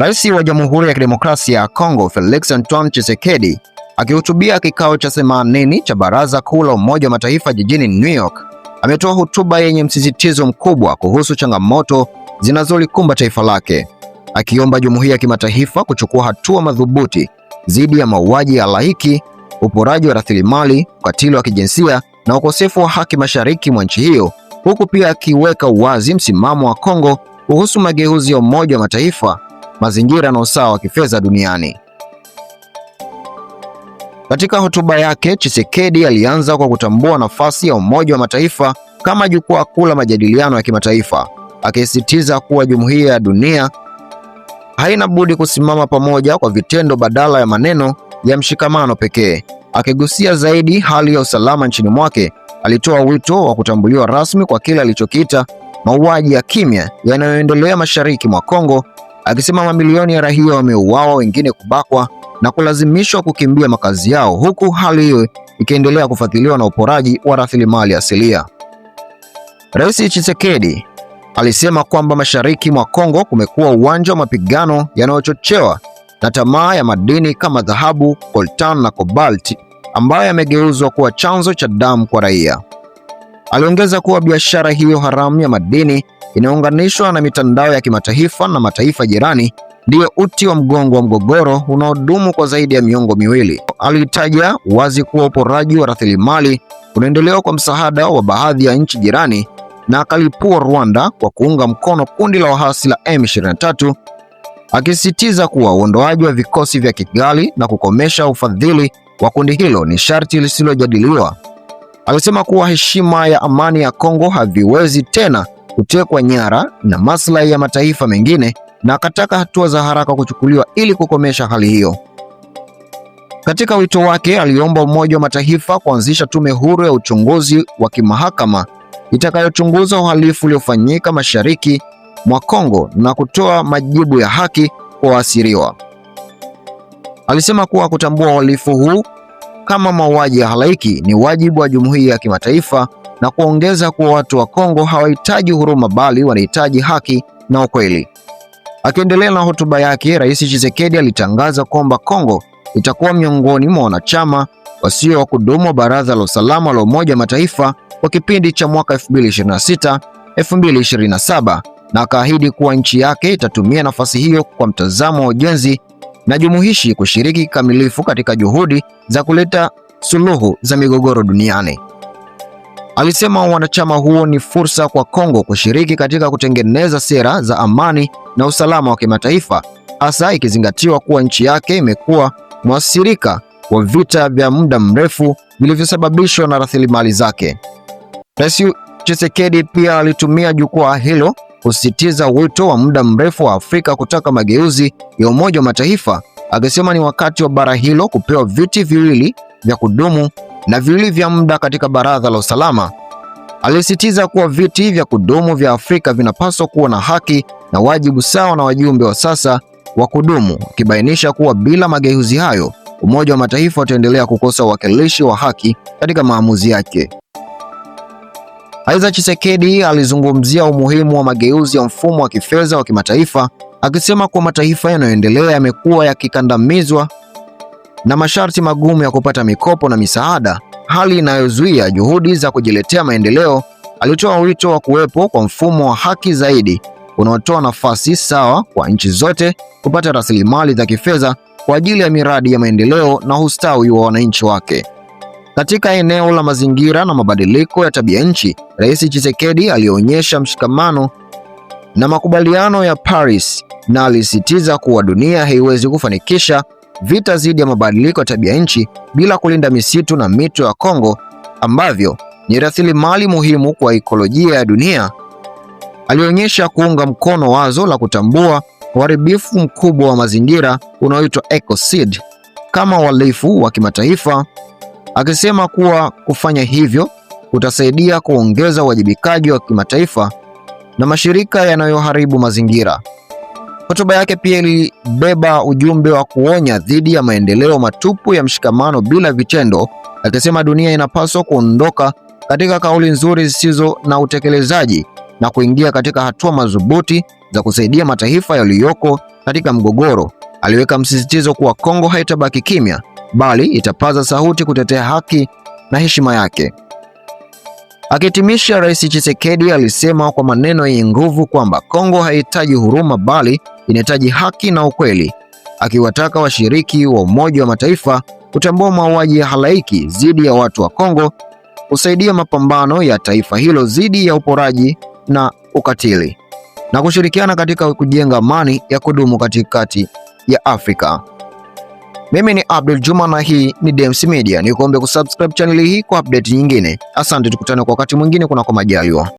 Rais wa Jamhuri ya Kidemokrasia ya Kongo Felix Antoine Tshisekedi akihutubia kikao cha 80 cha Baraza Kuu la Umoja wa Mataifa jijini New York ametoa hotuba yenye msisitizo mkubwa kuhusu changamoto zinazolikumba taifa lake, akiomba jumuiya ya kimataifa kuchukua hatua madhubuti dhidi ya mauaji ya halaiki, uporaji wa rasilimali, ukatili wa kijinsia na ukosefu wa haki mashariki mwa nchi hiyo, huku pia akiweka wazi msimamo wa Kongo kuhusu mageuzi ya Umoja wa Mataifa mazingira na usawa wa kifedha duniani. Katika hotuba yake, Tshisekedi alianza kwa kutambua nafasi ya Umoja wa Mataifa kama jukwaa kuu la majadiliano ya kimataifa, akisisitiza kuwa jumuiya ya dunia haina budi kusimama pamoja kwa vitendo badala ya maneno ya mshikamano pekee. Akigusia zaidi hali ya usalama nchini mwake, alitoa wito wa kutambuliwa rasmi kwa kile alichokiita mauaji ya kimya yanayoendelea mashariki mwa Kongo akisema mamilioni ya raia wameuawa, wengine kubakwa na kulazimishwa kukimbia makazi yao, huku hali hiyo ikiendelea kufuatiliwa na uporaji wa rasilimali asilia. Rais Tshisekedi alisema kwamba mashariki mwa Kongo kumekuwa uwanja wa mapigano yanayochochewa na tamaa ya madini kama dhahabu, coltan na kobalti ambayo yamegeuzwa kuwa chanzo cha damu kwa raia. Aliongeza kuwa biashara hiyo haramu ya madini inayounganishwa na mitandao ya kimataifa na mataifa jirani ndiyo uti wa mgongo wa mgogoro unaodumu kwa zaidi ya miongo miwili. Alitaja wazi kuwa uporaji wa rasilimali unaendelewa kwa msaada wa baadhi ya nchi jirani na akalipua Rwanda kwa kuunga mkono kundi la waasi la M23, akisisitiza kuwa uondoaji wa vikosi vya Kigali na kukomesha ufadhili wa kundi hilo ni sharti lisilojadiliwa alisema kuwa heshima ya amani ya Kongo haviwezi tena kutekwa nyara na maslahi ya mataifa mengine na akataka hatua za haraka kuchukuliwa ili kukomesha hali hiyo. Katika wito wake, aliomba Umoja wa Mataifa kuanzisha tume huru ya uchunguzi wa kimahakama itakayochunguza uhalifu uliofanyika mashariki mwa Kongo na kutoa majibu ya haki kwa waasiriwa. Alisema kuwa kutambua uhalifu huu kama mauaji ya halaiki ni wajibu wa jumuiya ya kimataifa na kuongeza kuwa watu wa Kongo hawahitaji huruma bali wanahitaji haki na ukweli. Akiendelea na hotuba yake, Rais Tshisekedi alitangaza kwamba Kongo itakuwa miongoni mwa wanachama wasio wa kudumu wa Baraza la Usalama la Umoja wa Mataifa kwa kipindi cha mwaka 2026 2027 na akaahidi kuwa nchi yake itatumia nafasi hiyo kwa mtazamo wa ujenzi na jumuishi kushiriki kikamilifu katika juhudi za kuleta suluhu za migogoro duniani. Alisema wanachama huo ni fursa kwa Kongo kushiriki katika kutengeneza sera za amani na usalama wa kimataifa, hasa ikizingatiwa kuwa nchi yake imekuwa mwathirika wa vita vya muda mrefu vilivyosababishwa na rasilimali zake. Rais Tshisekedi pia alitumia jukwaa hilo kusisitiza wito wa muda mrefu wa Afrika kutaka mageuzi ya Umoja wa Mataifa, akisema ni wakati wa bara hilo kupewa viti viwili vya kudumu na viwili vya muda katika Baraza la Usalama. Alisisitiza kuwa viti vya kudumu vya Afrika vinapaswa kuwa na haki na wajibu sawa na wajumbe wa sasa wa kudumu, akibainisha kuwa bila mageuzi hayo Umoja wa Mataifa utaendelea kukosa uwakilishi wa haki katika maamuzi yake. Aidha, chisekedi alizungumzia umuhimu wa mageuzi ya mfumo wa kifedha wa kimataifa akisema kuwa mataifa yanayoendelea yamekuwa yakikandamizwa na masharti magumu ya kupata mikopo na misaada, hali inayozuia juhudi za kujiletea maendeleo. Alitoa wito wa kuwepo kwa mfumo wa haki zaidi unaotoa nafasi sawa kwa nchi zote kupata rasilimali za kifedha kwa ajili ya miradi ya maendeleo na ustawi wa wananchi wake. Katika eneo la mazingira na mabadiliko ya tabia nchi, Rais Tshisekedi alionyesha mshikamano na makubaliano ya Paris na alisisitiza kuwa dunia haiwezi kufanikisha vita dhidi ya mabadiliko ya tabia nchi bila kulinda misitu na mito ya Kongo ambavyo ni rasilimali muhimu kwa ikolojia ya dunia. Alionyesha kuunga mkono wazo la kutambua uharibifu mkubwa wa mazingira unaoitwa ecocide kama uhalifu wa kimataifa akisema kuwa kufanya hivyo kutasaidia kuongeza uwajibikaji wa kimataifa na mashirika yanayoharibu mazingira. Hotuba yake pia ilibeba ujumbe wa kuonya dhidi ya maendeleo matupu ya mshikamano bila vitendo, akisema dunia inapaswa kuondoka katika kauli nzuri zisizo na utekelezaji na kuingia katika hatua madhubuti za kusaidia mataifa yaliyoko katika mgogoro aliweka msisitizo kuwa Kongo haitabaki kimya, bali itapaza sauti kutetea haki na heshima yake. Akihitimisha, Rais Tshisekedi alisema kwa maneno yenye nguvu kwamba Kongo haihitaji huruma, bali inahitaji haki na ukweli, akiwataka washiriki wa Umoja wa Mataifa kutambua mauaji ya halaiki dhidi ya watu wa Kongo, kusaidia mapambano ya taifa hilo dhidi ya uporaji na ukatili, na kushirikiana katika kujenga amani ya kudumu katikati ya Afrika. Mimi ni Abdul Juma na hii ni Dems Media. Nikuombe kusubscribe chaneli hii kwa update nyingine. Asante, tukutane kwa wakati mwingine kunako majaliwa.